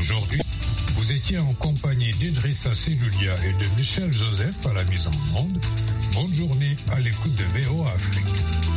Aujourd'hui, Vous étiez en compagnie d'Idrissa Sedulia et de Michel Joseph à la mise en monde. Bonne journée à l'écoute de VO Afrique.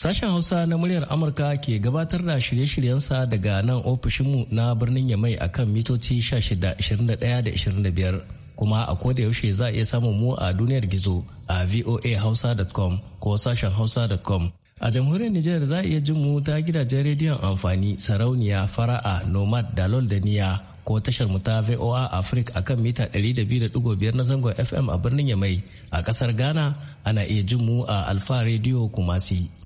Sashen Hausa na muryar Amurka ke gabatar da shirye-shiryensa daga nan ofishinmu na birnin Yamai a kan mitoci 16, da 25 kuma a koda yaushe za a iya samun mu a duniyar gizo a voahausa.com ko sashen hausa.com. A jamhuriyar Nijar za a iya jin mu ta gidajen rediyon amfani sarauniya fara'a nomad da Londaniya ko tashar mu ta VOA Africa akan mita 200.5 na zangon FM a birnin Yamai a kasar Ghana ana iya jin mu a Alfa rediyo Kumasi.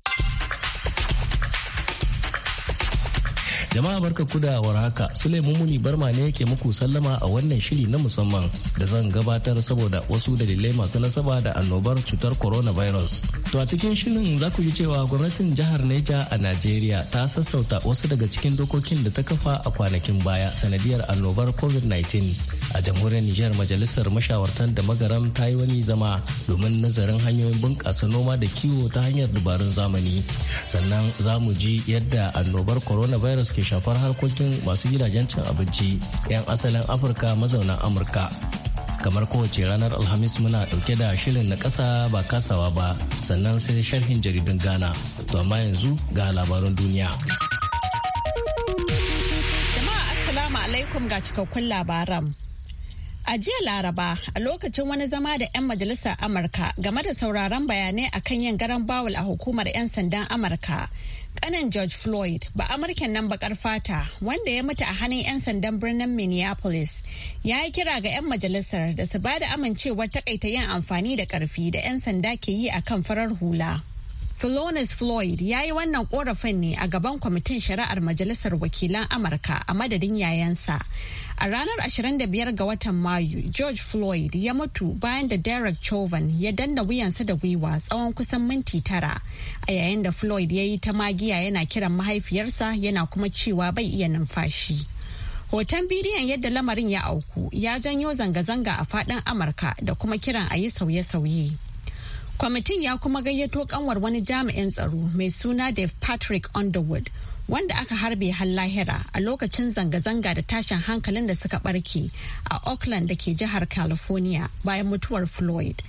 Jama'a barka Kudawar haka haka Sulaimu Muni Barma ne yake muku sallama a wannan shiri na musamman da zan gabatar saboda wasu dalilai masu nasaba da annobar cutar coronavirus. To a cikin shirin za ku ji cewa gwamnatin jihar Neja a Najeriya ta sassauta wasu daga cikin dokokin da ta kafa a kwanakin baya sanadiyar annobar COVID-19 a jamhuriyar Nijar majalisar mashawartan da magaram ta yi wani zama domin nazarin hanyoyin bunƙasa noma da kiwo ta hanyar dabarun zamani. Sannan za mu ji yadda annobar coronavirus ke shafar harkokin masu gidajen cin abinci 'yan asalin Afirka mazauna Amurka. kamar kowace ranar alhamis muna dauke da shirin na kasa ba kasawa ba sannan sai sharhin jaridun ghana to amma yanzu ga labarun duniya jama'a assalamu alaikum ga cikakkun labaran A jiya Laraba a lokacin wani zama da 'yan majalisar Amurka game da sauraron bayanai akan yin garan bawul a hukumar 'yan sandan Amurka. Kanan George Floyd ba Amurken nan bakar fata wanda ya mutu a hannun 'yan sandan birnin Minneapolis ya yi kira ga 'yan majalisar da su ba da amincewar takaita yin amfani da karfi da 'yan sanda ke yi akan farar hula. Philonis Floyd ya yi wannan korafin ne a gaban kwamitin shari'ar Majalisar Wakilan Amurka a madadin yayansa. A ranar 25 ga watan Mayu, George Floyd ya mutu bayan da Derek Chauvin ya danna wuyansa da gwiwa tsawon kusan minti tara. A yayin da Floyd ya yi ta magiya yana kiran mahaifiyarsa yana kuma cewa bai iya numfashi. Hoton bidiyon yadda lamarin ya auku ya janyo zanga-zanga a faɗin Amurka da kuma kiran a yi sauye-sauye. Kwamitin ya kuma gayyato kanwar wani jami'in tsaro mai suna Dave Patrick Underwood wanda aka harbe har lahira a lokacin zanga-zanga da tashin hankalin da suka barke a Oakland da ke jihar California bayan mutuwar Floyd.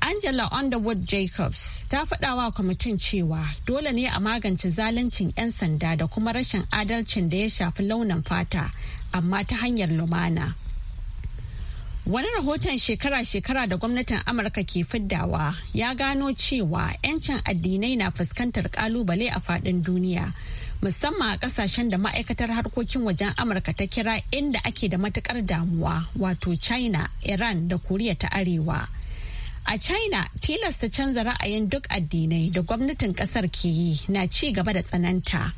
Angela Underwood Jacobs ta faɗawa kwamitin cewa dole ne a magance zaluncin 'yan sanda da kuma rashin adalcin da ya shafi launin fata amma ta hanyar lumana. Wani rahoton shekara-shekara da gwamnatin Amurka ke fiddawa ya gano cewa 'yancin addinai na fuskantar kalubale a faɗin duniya, musamman a ƙasashen da ma'aikatar harkokin wajen Amurka ta kira inda ake da matukar damuwa, wato China, Iran da Koriya ta Arewa. A China, tilasta canza ra'ayin duk addinai da gwamnatin ƙasar ke yi na ci gaba da tsananta.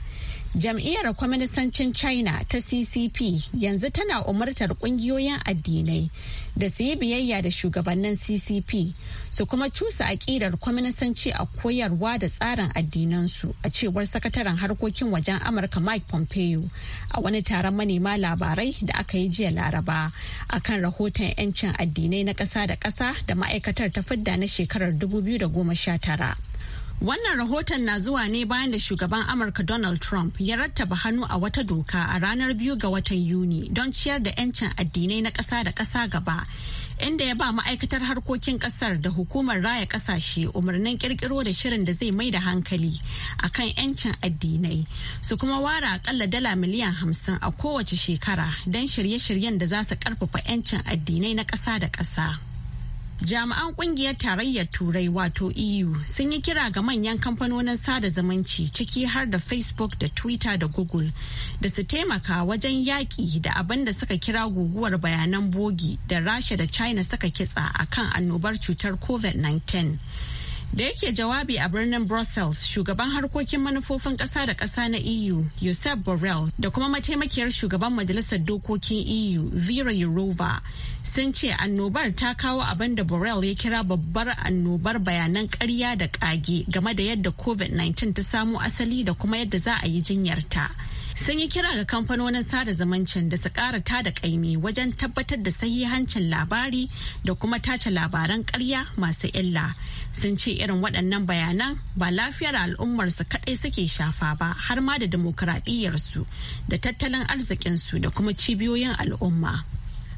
Jam'iyyar Kwaminisancin China ta CCP yanzu tana umartar kungiyoyin addinai da su yi biyayya da shugabannin CCP su kuma cusa aƙidar kwaminisanci a koyarwa da tsarin addinansu a cewar sakataren harkokin wajen Amurka Mike Pompeo a wani taron manema labarai da aka yi jiya Laraba akan rahoton 'yancin addinai na ƙasa da ƙasa da ma'aikatar ta fidda na shekarar 2019. Wannan rahoton na zuwa ne bayan da shugaban Amurka Donald Trump ya rattaba hannu a wata doka a ranar biyu ga watan Yuni don ciyar da 'yancin addinai na ƙasa da ƙasa gaba, inda ya ba ma'aikatar harkokin ƙasar da hukumar raya ƙasashe umarnin ƙirƙiro da shirin da zai mai da hankali a kan 'yancin addinai su kuma wara akalla dala miliyan hamsin a kowace shekara don shirye-shiryen da za su ƙarfafa 'yancin addinai na ƙasa da ƙasa. Jami'an kungiyar tarayyar Turai wato EU sun yi kira ga manyan kamfanonin sada zumunci ciki har da Facebook da Twitter da Google da su taimaka wajen yaƙi da abin da suka kira guguwar bayanan bogi da Rasha da China suka kitsa akan annobar cutar COVID-19. Da yake jawabi a birnin Brussels, shugaban harkokin manufofin ƙasa da ƙasa na EU, Josep Borrell, da kuma mataimakiyar shugaban majalisar dokokin EU, Vera Yurova, sun ce annobar ta kawo abin da Borrell ya kira babbar annobar bayanan ƙarya da ƙage game da yadda COVID-19 ta samo asali da kuma yadda za a yi jinyarta. ta. sun yi kira ga kamfanonin sada zumuncin da su ƙara da ƙaimi wajen tabbatar da sahihancin labari da kuma tace labaran karya masu illa sun ce irin waɗannan bayanan ba lafiyar al'ummarsu kaɗai suke shafa ba har ma da su da tattalin arzikin su da kuma cibiyoyin al'umma.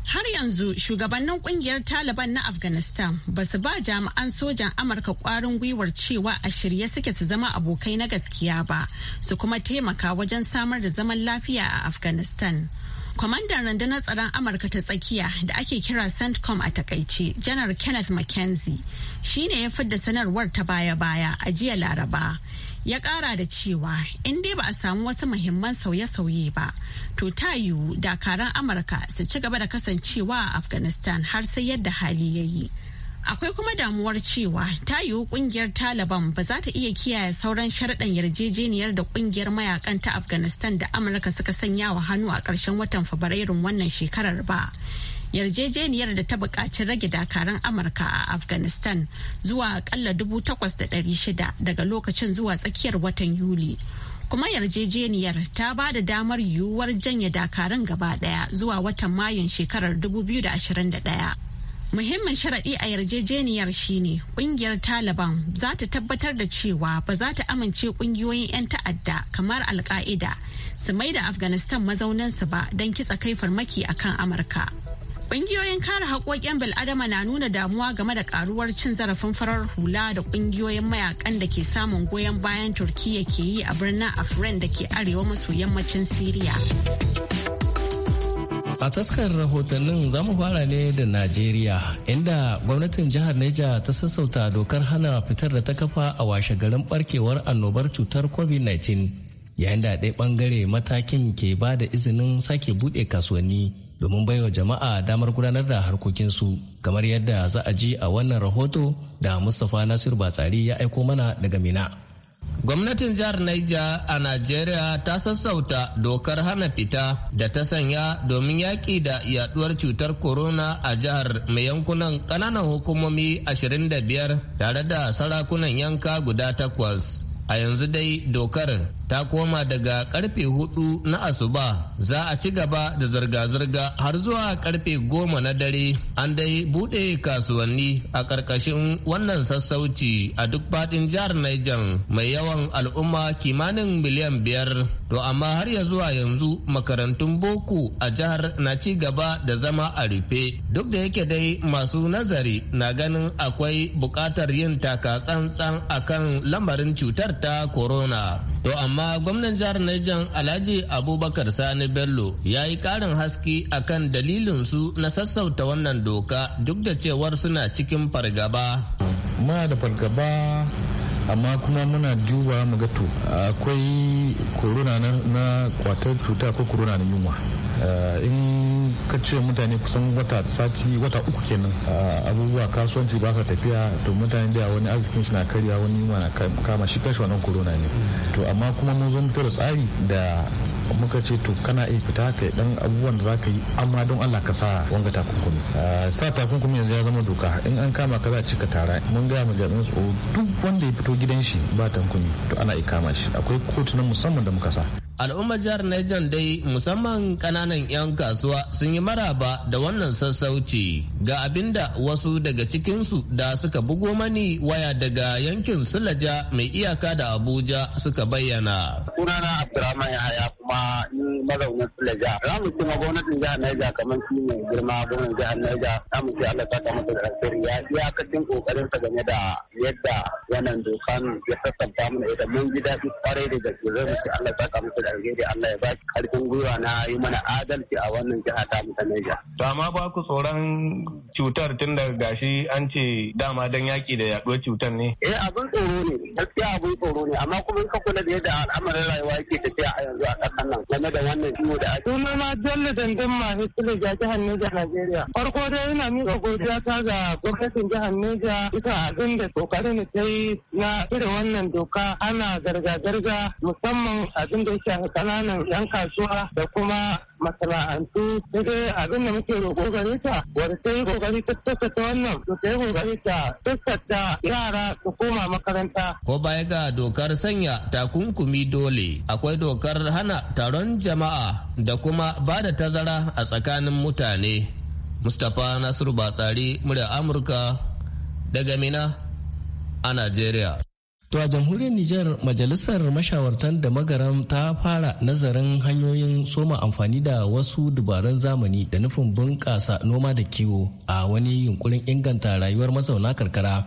Har yanzu shugabannin kungiyar Taliban na Afghanistan ba su ba jami'an sojan Amurka kwarin gwiwar cewa a shirye suke su zama abokai na gaskiya ba, su kuma taimaka wajen samar da zaman lafiya a Afghanistan. Kwamandan rundunar tsaron Amurka ta tsakiya da ake kira CENTCOM a takaice, Janar Kenneth McKenzie, shi ne ya fidda sanarwar ta baya-baya a jiya Laraba. ya kara da cewa in dai ba a samu wasu muhimman sauye-sauye ba to ta yiwu dakaran amurka su ci gaba da kasancewa a afghanistan har sai yadda hali ya yi akwai kuma damuwar cewa ta yiwu kungiyar taliban ba za ta iya kiyaye sauran sharaɗan yarjejeniyar da kungiyar mayakan ta afghanistan da amurka suka sanya wa hannu a ƙarshen watan fabrairun wannan shekarar ba yarjejeniyar da ta buƙaci rage dakarun amurka a afghanistan zuwa akalla shida daga lokacin zuwa tsakiyar watan yuli kuma yarjejeniyar ta ba da damar yiwuwar janye dakarun gaba daya zuwa watan mayun shekarar 2021 muhimmin sharaɗi a yarjejeniyar shine ƙungiyar taliban za ta tabbatar da cewa ba za ta amince ƙungiyoyin 'yan ta'adda kamar alka'ida su mai da afghanistan mazauninsu ba don kitsa kai farmaki akan amurka Ƙungiyoyin kare haƙoƙin bil'adama na nuna damuwa game da ƙaruwar cin zarafin farar hula da ƙungiyoyin mayakan da ke samun goyon bayan Turkiyya ke yi a birnin Afrin da ke arewa maso yammacin Siriya. A taskar rahotannin za mu fara ne da Najeriya inda gwamnatin jihar Neja ta sassauta dokar hana fitar da ta kafa a washe garin barkewar annobar cutar COVID-19 yayin da ɗaya ɓangare matakin ke ba da izinin sake buɗe kasuwanni. domin baiwa jama'a damar gudanar da harkokinsu kamar yadda za a ji a wannan rahoto da Mustapha Nasiru Batsari ya aiko mana daga Mina. Gwamnatin jihar Niger a Najeriya ta sassauta dokar hana fita da ta sanya domin yaƙi da yaduwar cutar corona a jihar mai yankunan ƙananan hukumomi 25 tare da sarakunan yanka guda takwas. a yanzu dai dokar ta koma daga karfe hudu na asuba za a ci gaba da zirga-zirga har zuwa karfe goma na dare an dai bude kasuwanni a karkashin wannan sassauci a duk fadin jihar Niger mai yawan al'umma kimanin miliyan biyar To amma har ya zuwa yanzu makarantun boko a jihar na ci gaba da zama a rufe duk da yake dai masu nazari na ganin akwai bukatar yin taka tsantsan akan lamarin cutar ta corona. To amma gwamnan jihar Niger Alhaji Abubakar Sani Bello ya yi karin haske akan dalilin su na sassauta wannan doka duk da cewar suna cikin fargaba. Ma da fargaba amma kuma muna duba mu ga to akwai corona na kwatar cuta ko corona na yunwa eh, in ka ce mutane kusan wata sati wata uku kenan eh, abubuwa kasuwanci ba ka tafiya to mutane da wani arzikin shi na karya wani yunwa na kama shi kashi wannan corona ne to amma kuma mun zo da tsari da muka ce to kana iya fita ka dan abubuwan da zaka yi amma don Allah ka sa wanga takunkumi sa takunkumi yanzu ya zama doka in an kama ka za ci ka tara mun ga mu jami'an tsaro duk wanda ya fito gidan shi ba takunkumi to ana iya kama shi akwai kotu na musamman da muka sa al'ummar jihar Niger dai musamman kananan 'yan kasuwa sun yi maraba da wannan sassauci ga abinda wasu daga cikinsu da suka bugo mani waya daga yankin Sulaja mai iyaka da Abuja suka bayyana. Sunana Abdurrahman Yahaya kuma mu su laja Za mu kuma gwamnatin jihar Niger kamar shi ne girma gwamnatin jihar Niger za mu ce Allah saka masa da alheri ya iyakacin kokarin sa game da yadda wannan dokan ya sassanta mana ita mun ji daɗi kwarai da gaske zai mu ce Allah saka masa da alheri Allah ya ba shi karfin gwiwa na yi mana adalci a wannan jiha ta mu ta Niger. To amma ba ku tsoron cutar tun daga gashi an ce dama dan yaki da yaduwar cutar ne. Eh abin tsoro ne gaskiya abin tsoro ne amma kuma in ka kula da yadda al'amarin rayuwa yake tafiya a yanzu a ƙasar nan game da wannan wannan ciwo da ake. Suna na Dandun Mahi Sule ga jihar Neja Najeriya. Farko dai ina miƙa godiya ta ga gwamnatin jihar Neja bisa abin da kokarin ta yi na irin wannan doka ana garga-garga musamman abin da ya shafi ƙananan 'yan kasuwa da kuma masana'antu sai abin da muke roƙo gare ta wanda ta yi kokari ta ta wannan to ta yi kokari ta ta yara su koma makaranta. Ko baya ga dokar sanya takunkumi dole akwai dokar hana taron jama'a da kuma ba da tazara a tsakanin mutane. Mustapha Nasiru Batsari murya Amurka daga Mina a Najeriya. To a jamhuriyar Nijar majalisar mashawartan da magaram ta fara nazarin hanyoyin soma amfani da wasu dubaran zamani da nufin bunƙasa noma da kiwo a wani yunkurin inganta rayuwar mazauna karkara.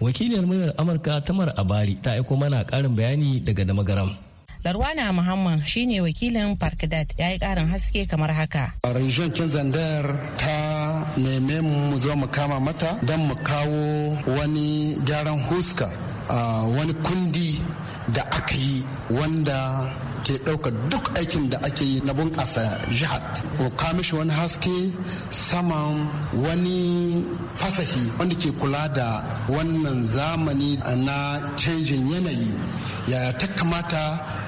Wakiliyar muryar Amurka Tamar Abari ta aiko mana ƙarin bayani daga da magaram. Larwana Muhammad shine wakilin Farkdat ya yi ƙarin haske kamar haka. Rinjin Zandar ta neme mu zo mu kama mata don mu kawo wani gyaran huska a wani kundi da aka yi wanda ke ɗaukar duk aikin da ake yi na bunƙasa jihar ko kamishi wani haske saman wani fasahi wanda ke kula da wannan zamani na canjin yanayi yaya ta kamata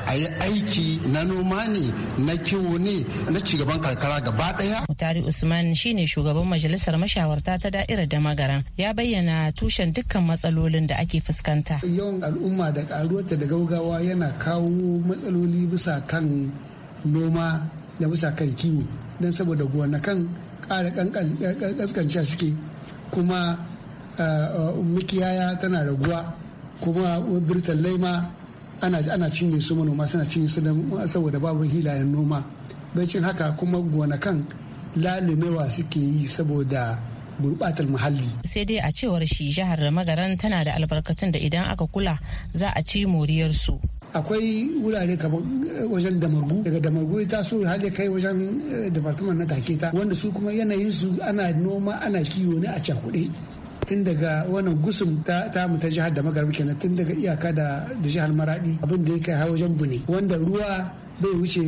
a yi aiki na noma ne na kiwo ne na cigaban karkara gaba ɗaya. mutari Usman shine shugaban majalisar mashawarta ta da'ira da magaran ya bayyana tushen dukkan matsalolin da ake fuskanta. Yawan al'umma da karuwarta da gaugawa yana kawo matsaloli bisa kan noma da bisa kan kiwo don saboda gonakan ƙara ƙasƙanci suke kuma eh, eh, mikiyaya tana raguwa kuma birtan laima ana cinye su manoma suna cinye su saboda babu hilayen noma baicin haka kuma gonakan lalimewa suke yi saboda gurbatar muhalli. sai dai a cewar shi jihar magaran tana da albarkatun da idan aka kula za a ci moriyarsu. akwai wurare kamar eh, wajen damargu daga damargu ta so har da kai wajen eh, department na take ta wanda su kuma yanayin su ana noma ana kiwo ne a cakuɗe tun daga wannan gusum ta mu ta jihar da magarbi kenan tun daga iyaka da jihar maradi abin da ya kai har wajen bune wanda ruwa bai wuce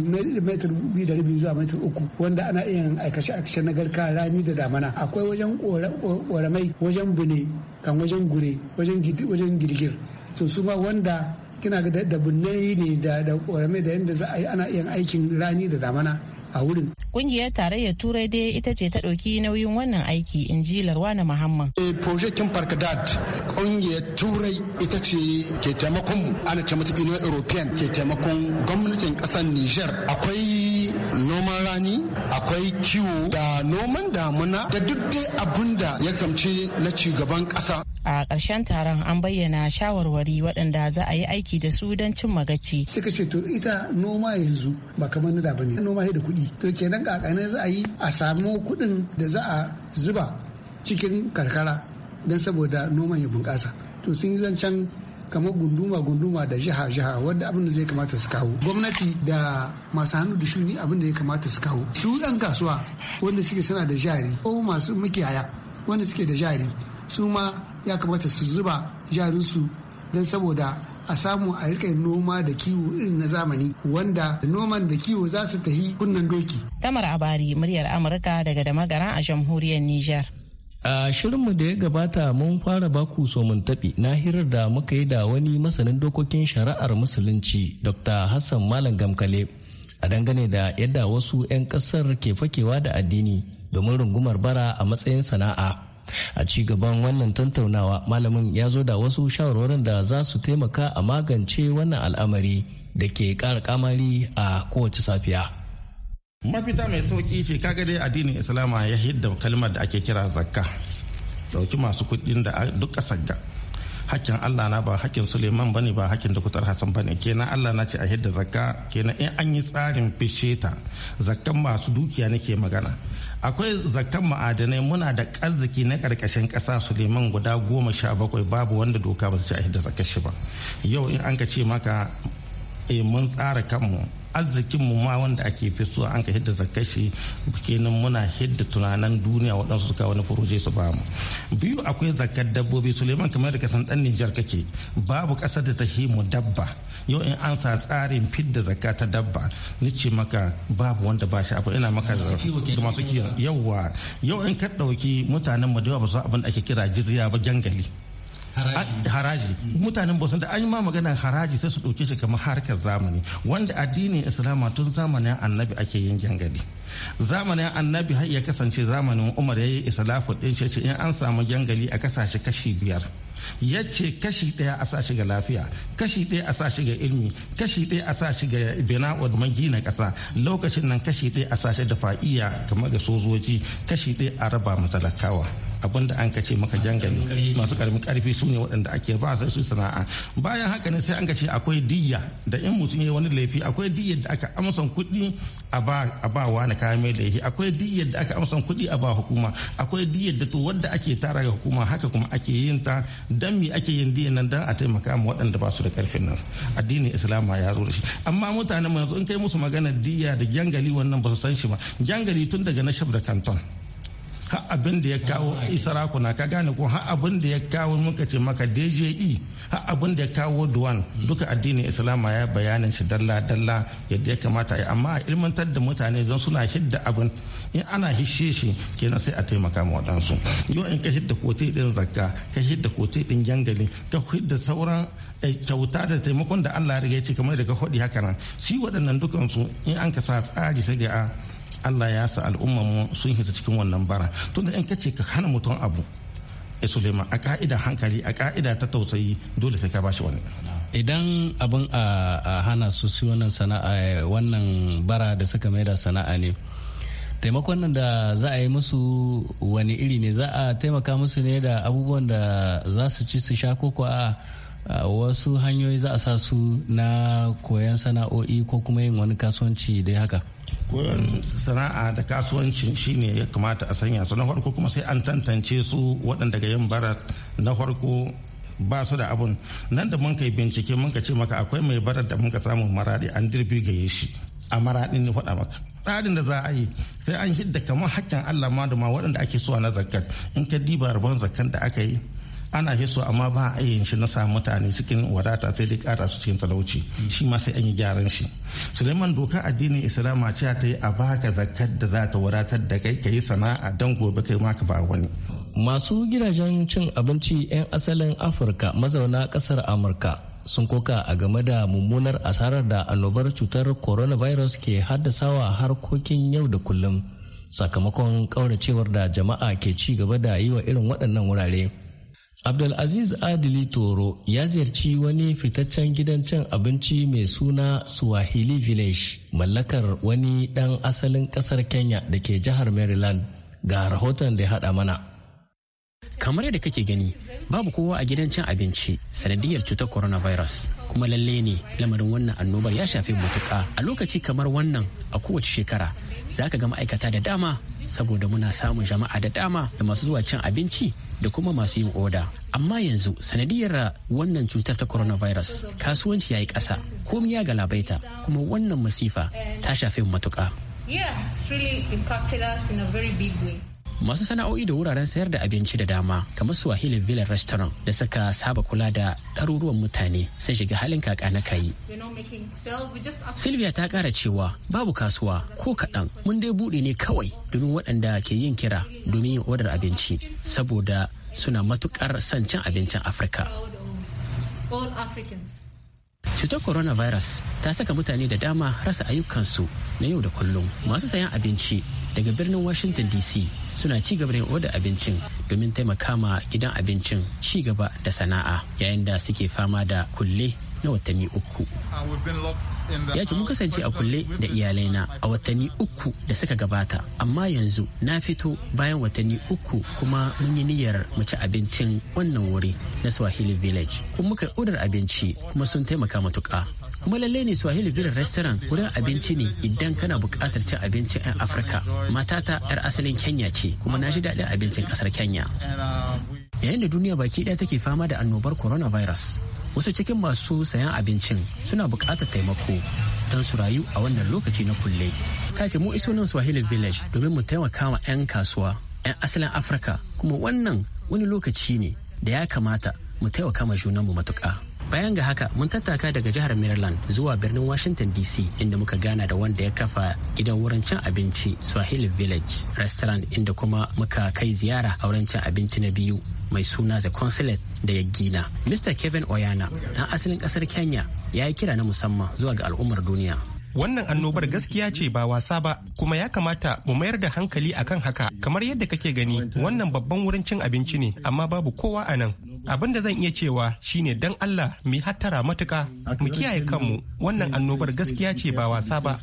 metar biyu da rabi zuwa metar uku wanda ana iya aikace aikace na garka rami da damana akwai wajen ƙoramai wajen bune kan wajen gure wajen girgir to su ba wanda kina ga da ne da ƙorame da yadda za a yi ana iya aikin rani da damana a wurin. ƙungiyar tarayyar Turai dai ita ce ta ɗauki nauyin wannan aiki in ji Larwana Muhammad. E eh, projekin Farkadad ƙungiyar Turai ita ce ke taimakon ana ce mata Union European ke taimakon gwamnatin ƙasar Niger akwai noman rani akwai kiwo da noman damuna da duk dai abun da ya zamce na cigaban ƙasa. a karshen taron an bayyana shawarwari waɗanda za a yi aiki da su don cin magaci suka ce to ita noma yanzu ba kamar nada ne noma da kuɗi to kenan kakane za a yi a samu kuɗin da za a zuba cikin karkara don saboda noman ya bunƙasa to sun yi zancen kamar gunduma-gunduma da jiha-jiha wadda abin da zai kamata su kawo gwamnati da masu hannu da shuni abin da ya kamata su kawo su yan kasuwa wanda suke suna da jari ko masu makiyaya wanda suke da jari su ma ya kamata su zuba jarinsu don saboda a samu a rika noma da kiwo irin na zamani wanda noman da kiwo za su tafi kunnan doki. Tamar Abari muryar Amurka daga da magara a jamhuriyar Nijar. A shirinmu da ya gabata mun fara baku somin taɓi na hirar da muka yi da wani masanin dokokin shari'ar musulunci Dr. Hassan Malam Gamkale a dangane da yadda wasu 'yan ƙasar ke fakewa da addini domin rungumar bara a matsayin sana'a. a ci gaban wannan tantaunawa malamin ya zo da wasu shawarwarin da za su taimaka a magance wannan al'amari da ke ƙara kamari a kowace safiya mafita mai sauki ce kaga dai addinin islama ya hidda kalmar da ake kira zakka dauki masu kuɗin da duk ƙasar hakkin Allah na ba hakkin Suleiman bane ba hakkin Dr. Hassan bane kenan Allah na ce a hidda zakka kenan in an yi tsarin fishe ta zakkan masu dukiya nake magana akwai zakkan ma'adanai muna da arziki na karkashin kasa Suleiman guda goma sha bakwai babu wanda doka ba su ci a hidda zakka shi ba yau in an ka ce maka eh, mun tsara kanmu arzikin mu ma wanda ake so an ka hidda zakka shi muna hidda tunanan duniya waɗansu suka wani furoje su ba mu biyu akwai zakar dabbobi suleiman kamar da kasan dan nijar kake babu ƙasar da ta mu dabba yau in an sa tsarin fidda zakka ta dabba ni ce maka babu wanda ba shi abu ina maka da masu kiyar yauwa yau in ka ɗauki mutanen mu da yawa ba su abin da ake kira jizya ba jangali haraji mutanen ba da an yi ma magana haraji sai su ɗauke shi kamar harkar zamani wanda addinin islama tun zamanin annabi ake yin gangadi zamanin annabi har ya kasance zamanin umar ya yi islafu ɗin shi in an samu gangali a kasashe kashi biyar ya ce kashi ɗaya a sashi ga lafiya kashi ɗaya a sashi ga ilmi kashi ɗaya a sashi ga bina'ud na ƙasa lokacin nan kashi ɗaya a sashi da fa'iya kamar ga sojoji kashi ɗaya a raba matalakawa abinda an ka ce maka jangali masu karamin karfi su ne waɗanda ake ba sai su sana'a bayan haka ne sai an ka ce akwai diyya da in mutum ya wani laifi akwai diyya da aka amsan kuɗi a ba wani kayan mai laifi akwai diyya da aka amsa kuɗi a ba hukuma akwai diyya da to wadda ake tara ga hukuma haka kuma ake yin ta dan me ake yin diyya nan dan a taimaka ma waɗanda ba su da karfin nan addinin islama ya zo da shi amma mutanen mu yanzu in kai musu magana diyya da jangali wannan ba su san shi ba jangali tun daga na shaf da kanton har abin da ya kawo sarakuna ka gane ko har abin da ya kawo muka ce maka DJE har abin da ya kawo duwan duka addinin islama ya bayanin shi dalla dalla yadda ya kamata ya amma a ilmantar da mutane don suna hidda abin in ana hishe shi kenan sai a taimaka ma waɗansu yau in ka hidda kote din zakka ka hidda kote din jangali ka hidda sauran eh, kyauta da taimakon da Allah ya ya ce kamar da ka haka nan shi waɗannan dukansu in an ka sa tsari sai ga ah, Allah ya sa al'umman mu sun hita cikin wannan bara tunda in kace ka hana mutum abu e Suleiman a ka'ida hankali a ka'ida ta tausayi dole sai ka bashi wani idan abin a hana su su wannan sana'a eh, wannan bara da suka maida sana'a ne taimakon nan da za a yi musu wani iri ne za a taimaka musu ne da abubuwan da za su ci su sha ko a wasu hanyoyi za a sa su na koyon sana'o'i ko kuma yin wani kasuwanci dai haka sana'a da kasuwancin shine ya kamata a sanya su na farko kuma sai an tantance su waɗanda ga yin barat na farko ba su da abun nan da mun kai bincike mun ka ce maka akwai mai barar da mun ka samu maraɗi an dirbi dirbigaye shi a maraɗin ne faɗa maka tsarin da za a yi sai an hidda kamar hakkin allah ma da ma waɗanda ake suwa na zakat in ka diba rabon zakan da aka yi ana hiso amma ba a yin shi na sa mutane cikin wadata sai dai kara su cikin talauci shi ma sai an yi gyaran shi suleiman doka addinin islama ce ta yi a baka zakat da za ta wadatar da kai ka yi sana'a dan gobe kai ma ka ba wani masu gidajen cin abinci 'yan asalin afirka mazauna kasar amurka sun koka a game da mummunar asarar da annobar cutar coronavirus ke haddasawa harkokin yau da kullum sakamakon kauracewar da jama'a ke ci gaba da yi wa irin waɗannan wurare. Abdulaziz Adili Toro ya ziyarci wani fitaccen gidan cin abinci mai suna Swahili Village, mallakar wani ɗan asalin ƙasar Kenya da ke jihar Maryland ga rahoton da ya haɗa mana. Kamar yadda kake gani, babu kowa a gidan cin abinci sanadiyar cutar coronavirus. Kuma lalle ne lamarin wannan annobar ya shafi mutuƙa a lokaci kamar wannan a kowace shekara. Za ka ga ma'aikata da dama saboda muna samun jama'a da dama da masu zuwa cin abinci da kuma masu yin oda amma yanzu sanadiyar wannan cutar ta coronavirus kasuwanci ya yi ƙasa komi ya galabaita kuma wannan masifa ta shafe matuƙa masu sana'o'i da wuraren sayar da abinci da dama kamar swahili village restaurant da suka saba kula da ɗaruruwan mutane sun shiga halin kaka na kayi sylvia ta ƙara cewa babu kasuwa ko kaɗan mun dai buɗe ne kawai domin waɗanda ke yin kira domin yin odar abinci saboda suna matuƙar son cin abincin afirka cutar coronavirus ta saka mutane da dama rasa ayyukansu na yau da kullum masu sayan abinci daga birnin washington dc suna ci gaba da oda abincin domin taimaka ma gidan abincin ci gaba da sana'a yayin da suke fama da kulle na watanni uku ya ce mun kasance a kulle da iyalaina a watanni uku da suka gabata amma yanzu na fito bayan watanni uku kuma mun yi niyyar mu abincin wannan wuri na swahili village kuma muka odar abinci kuma sun taimaka matuƙa kuma lallai ne swahili village restaurant wurin abinci ne idan kana buƙatar cin abincin 'yan afirka matata 'yar asalin kenya ce kuma na ji daɗin abincin ƙasar kenya um, yayin da duniya baki ɗaya take fama da annobar coronavirus wasu cikin masu sayan abincin suna buƙatar taimako don su rayu a wannan lokaci na kulle ta ce mu iso nan swahili village domin mu taimaka wa 'yan kasuwa 'yan asalin afirka kuma wannan wani lokaci ne da ya kamata mu taimaka ma junanmu matuƙa bayan ga haka mun tattaka daga jihar maryland zuwa birnin washington dc inda muka gana da wanda ya kafa gidan wurin cin abinci swahili village restaurant inda kuma muka kai ziyara a wurin cin abinci na biyu mai suna the consulate da ya gina mr kevin oyana na asalin kasar kenya ya yi kira na musamman zuwa ga al'ummar duniya wannan annobar gaskiya ce ba wasa ba kuma ya kamata mu mayar da hankali akan haka kamar yadda kake gani wannan babban wurin cin abinci ne amma babu kowa a nan abin da zan iya cewa shine dan Allah mu hattara matuka mu kiyaye kanmu wannan annobar gaskiya ce ba wasa ba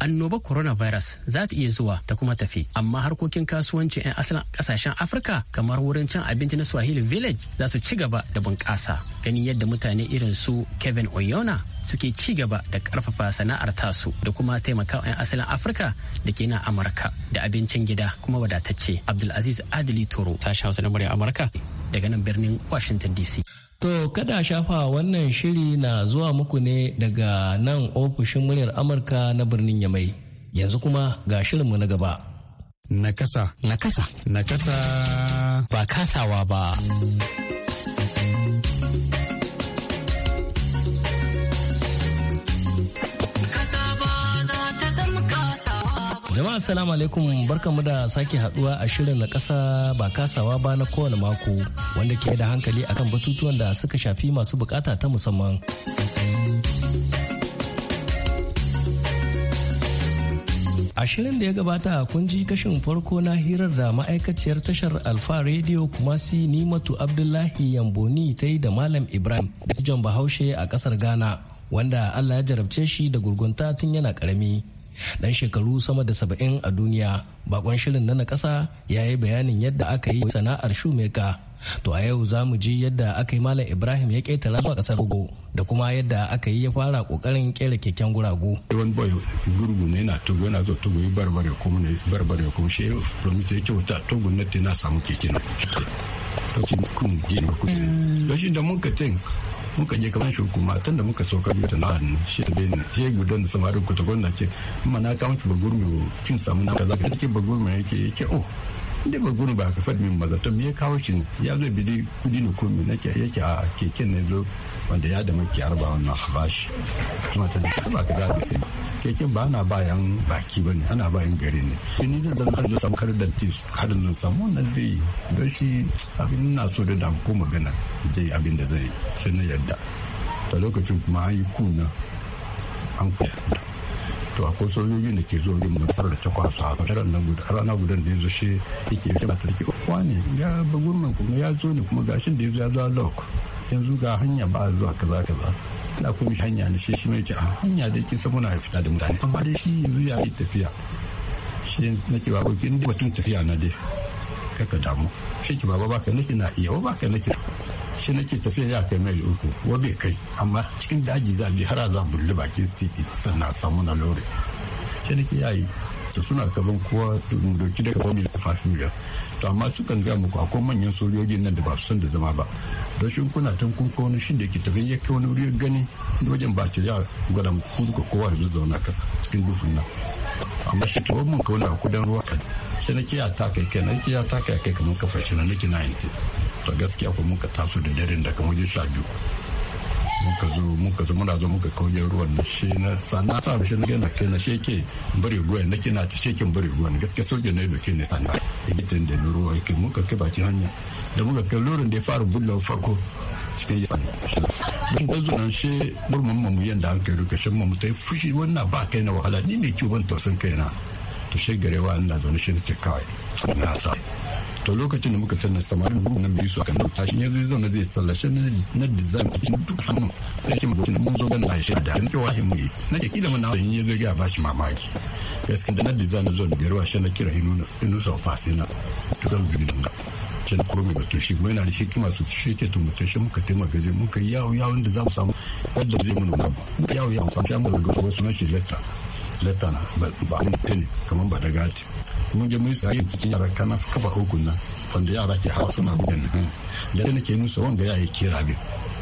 annobar coronavirus za ta iya zuwa ta kuma tafi amma harkokin kasuwanci 'yan asalin kasashen afirka kamar wurin cin abinci na swahili village za su ci gaba da bunƙasa ganin yadda mutane irin su kevin oyona suke ci gaba da karfafa sana'ar tasu da kuma taimakawa 'yan asalin afirka da ke na amurka da abincin gida kuma wadatacce abdulaziz adili toro sha wasu murya Amurka daga nan birnin Washington DC. To kada shafa wannan shiri na zuwa muku ne daga nan ofishin muryar Amurka na birnin Yamai. Yanzu kuma ga shirinmu na gaba. Nakasa. Nakasa. Nakasa. Ba kasawa ba. Jama'a salamu alaikum barkanmu da sake haduwa a shirin na kasa ba kasawa ba na kowane mako wanda ke da hankali akan batutuwan da suka shafi masu bukata ta musamman. A shirin da ya gabata kun ji kashin farko na hirar da ma'aikaciyar tashar Alfa Radio Kumasi Nimatu Abdullahi Yamboni ta yi da Malam Ibrahim Jan Bahaushe a kasar Ghana wanda Allah ya jarabce shi da gurgunta tun yana karami. dan shekaru sama da saba'in a duniya bakon shirin na nakasa ya yi bayanin yadda aka yi sana'ar shumeka to a yau za mu ji yadda aka yi malam ibrahim ya ƙetara zuwa ƙasar togo da kuma yadda aka yi ya fara kokarin kera keken guragu. wani boy kun gina mm. da mun ka muka je shuku ma tun da muka sauka biyu ta nan shi ta bene sai gudan da samari ku ta gwamna ce amma na kawo ki mai kin samu na kaza ka take mai yake yake o. da ba ba ka faɗi min maza to me ya kawo shi ya zo bidi kudi ne ko me nake yake a keken ne zo wanda ya da maki arba wannan bashi kuma ta ba ka da sai keken ba ana bayan baki ba ne ana bayan gari ne ni zan zama har samu da su har zan samu wannan dai don shi abin na so da damu ko magana zai abin da zai shi na yadda ta lokacin kuma an yi kuna an kuya to akwai sojoji da ke zuwa yin matsar da ta kwasa a tsarar nan guda rana gudan da ya zo shi yake yi ta ke ne ya bagurman kuma ya zo ne kuma gashin da ya zo ya zo lok Yanzu ga hanya ba a zuwa kaza kaza na akwai hanya ne shi shi mai ce a ah, hanya da kin san ya fita da mutane amma dai shi yanzu ya yi tafiya shi nake ba ko kin mutum tafiya na dai kaka damu shi ki baba baka nake na iya baka nake shi nake tafiya ya kai mai uku wa bai kai amma cikin daji za bi har za bulle bakin titi sannan samu na lore shi nake yayi da suna kaban kowa doki daga 1 miliyan 5 miliyan to amma sukan gaya muku akwai manyan sojojin nan da ba su san da zama ba don shi kuna tun kun kawo wani shin da ke tafiya ya kai wani wuri gani wajen ba ta ya gwada muku duka kowa ya zauna kasa cikin dufin nan amma shi tuwon mun kawo na kudan ruwa kan sai nake ya ta kai kai nake ya ta kai kai kamar kafar shi na na yanti to gaskiya ko muka taso da daren da kamar sha biyu muka zo muka zo muna zo muka kauye ruwan na she na sannan ta ga na gina kai na sheke bare goyen na kina ta shekin bare goyen gaske soje ne doke ne sannan idan da ruwa ke muka kai bakin hanya da muka ke lorin da ya fara bullawa farko cikin yasan don da zunan she murmun mu yadda an kai ruka shin mu ta fushi wannan ba kai na wahala ni ne kiwon tausan kai na to she garewa ina ne shi ne ke kawai na sa to lokacin da muka tana samarin da nan biyu su a nan tashin ya zai zauna zai sallashe na design cikin duk hannun da ke mutum mun zo a aisha da an kewa himu ne na ke kila mana yin ya zai ga bashi mamaki gaskiya da na design zuwa da garwa shi na kira inu sau fasina to kan gudu nan can kurmi mutum shi kuma yana da hikima su shi ke tumutun shi muka taimaka gaje muka yi yawon da za mu samu wadda zai mu nuna muka yawon yawon samu shi amma daga wasu na shi letta letta na ba ne kamar ba da gati mun je mun sai cikin yara kana kafa uku nan wanda yara ke hawa suna gudun da ne ke musu wanda ya yi kira bi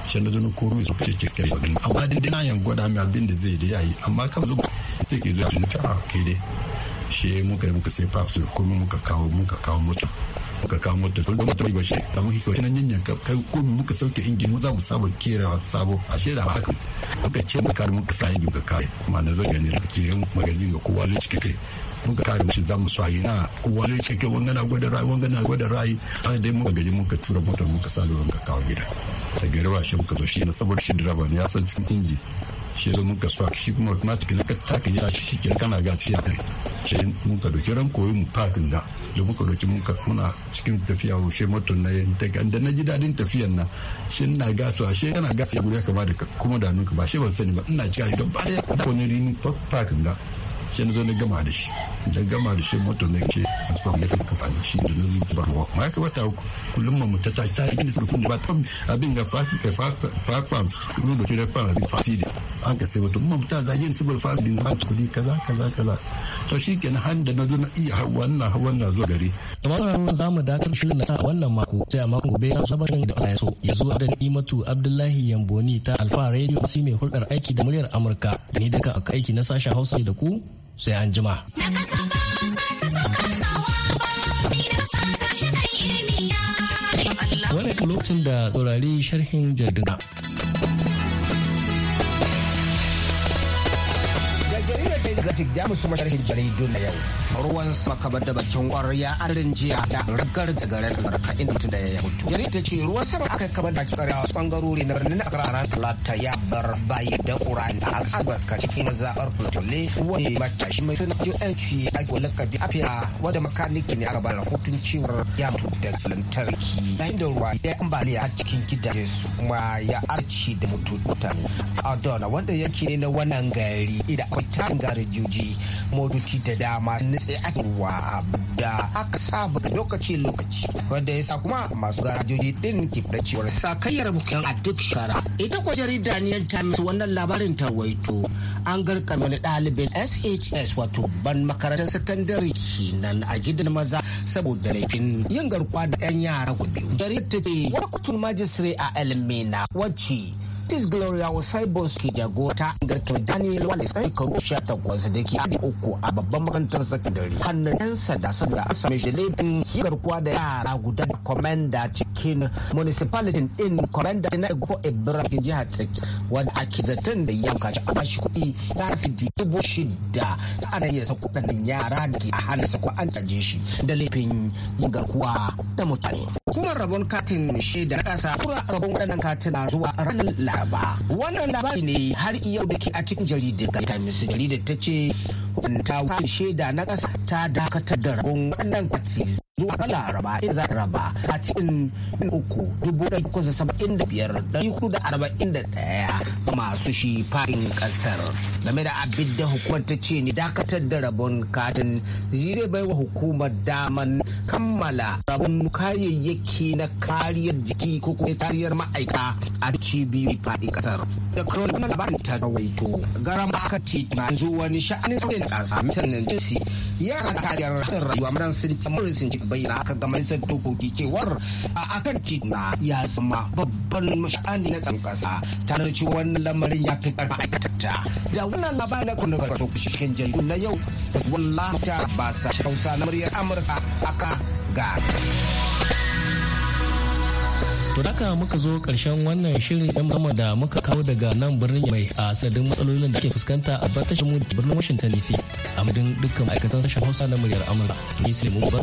shan da zan koro su ce ke kai gudun amma din dina yan gwada mai abin da zai da yayi amma kan zuba sai ke zuwa tun ta ah, ke dai shi muka yi muka sai paps kuma muka kawo muka kawo mota muka kawo mota don mota ba shi da mun kawai nan yanyan kai ko muka sauke injin mu za mu saba kera sabo a shaida haka muka ce muka muka sai muka kai amma na zo gani da ke magazin ga kowa zai cike kai mun ka kare mashi zamu sa yana ko wani ce kai wanga gwada rai wanga na gwada rai an dai mun gaji mun ka tura motar mun ka sa lura ka kawo gida ta gari ba shi muka zo shi na saboda shi direba ne ya san cikin inji shi zo ka sa shi kuma automatic na ka taka ya shi shi kana ga shi kai shi mun ka doki ran koyi mu parking da da muka doki mun ka muna cikin tafiya wo shi motar na yin ta da na ji dadin tafiyan na shi na A shi yana gasa ya ka ba da kuma da nuka ba shi ban sani ba ina cika shi ba da ya kone rinu parking da sai na zo na gama da shi da gama da shi motar ne ke asibam na kan kafa shi da na zuwa ba ruwa ma ya kai wata kullum mamu ta ta ta cikin suka kuma ba ta abin ga fakpam kuma da kira fara bin fasidi an ka sai wata mamu ta zage ni saboda fasidi na hata kudi kaza kaza kaza to shi ke na han da na zo na iya wannan wannan zuwa gari. kamar wannan za mu dakatar shirin na wannan mako sai a mako gobe ya saba shirin da ya so ya zo da imatu abdullahi yamboni ta alfa radio si mai hulɗar aiki da muryar amurka da ni duka aiki na sashen hausa da ku sai an jima. Wani lokacin da tsaurari sharhin jaridun. Graphic da musu masharhin jaridu na yau. Ruwan sama da bakin ƙwarya arin jiya da ragar da garin Amurka inda mutum da ya mutu. Jarida ce ruwan sama kai kaba da tsare wasu bangarori na birnin akara ran Talata ya bar baye da ƙura'in a albarka cikin zaɓar Kulatule wani matashi mai suna UNC a gwala kabi afiya wanda makaniki ne aka bar hutun cewar ya mutu da lantarki yayin da ruwa ya ambaliya a cikin gidaje su kuma ya arci da mutu mutane. dona wanda yake ne na wannan gari idan akwai tarin juji moduti da dama tsaye a ruwa da aka saba lokaci-lokaci wanda ya sa kuma masu juji din ke cewar sakayyar bukin a duk shara. Ita kuwa jarida New Times wannan labarin ta waito an garka wani ɗalibin SHS wato ban makarantar sakandare kenan a gidan maza saboda laifin yin garkuwa da 'yan yara gudu. Jarida ta ke wakutun majistare a Elmina wacce Artist Gloria Osaibos ke jagota garkin Daniel wanda sai karu takwas da ke adi uku a babban makarantar sakandare. Hannun yan sanda saboda an sami jalebin garkuwa da yara guda da komanda cikin municipality din komanda na Ego Ibrahim ke jihar Tsaki wanda ake zaton da ya kaci a bashi kuɗi ya fi dubu shida sa'an ya sa kuɗaɗen yara da ke a hannun sa ko an caje shi da laifin yin garkuwa da mutane. Hukumar rabon katin da na ƙasa kura rabon waɗannan katina zuwa ranar Laraba. ba wannan labari ne har yau da ke a cikin jaridar times jaridar ta ce ta wuce shaida na ƙasa ta dakatar da rabon wannan kati zuwa kala laraba inda za ta raba a cikin uku dubu da kusa saba'in da biyar da yuku da arba'in da ɗaya ga masu shi fadin ƙasar game da abin da hukumar ta ce ne dakatar da rabon katin zai bai wa hukumar daman kammala rabon kayayyaki na kariyar jiki ko kuma kariyar ma'aika a cibiyoyi fadin ƙasar da kronin labarin ta rawaito garan aka ce na zo wani sha'anin sauyin da ƙasa misalin jinsi yara da kariyar rayuwa maran sun tamarin sun ci bayyana aka ga majalisar dokoki cewar a akan tituna ya zama babban mashani na tsan kasa tare da cewa wannan lamarin ya fi karfa aikatata da wannan labarin na kwanar kaso cikin jaridun na yau wallahi ta ba sa hausa na muryar amurka aka ga. da haka muka zo karshen wannan shirin yan mama da muka kawo daga nan birnin mai a sadin matsalolin da ke fuskanta a bar mu birnin Washington DC. A madadin dukkan ma'aikatan sashen Hausa na muryar Amurka.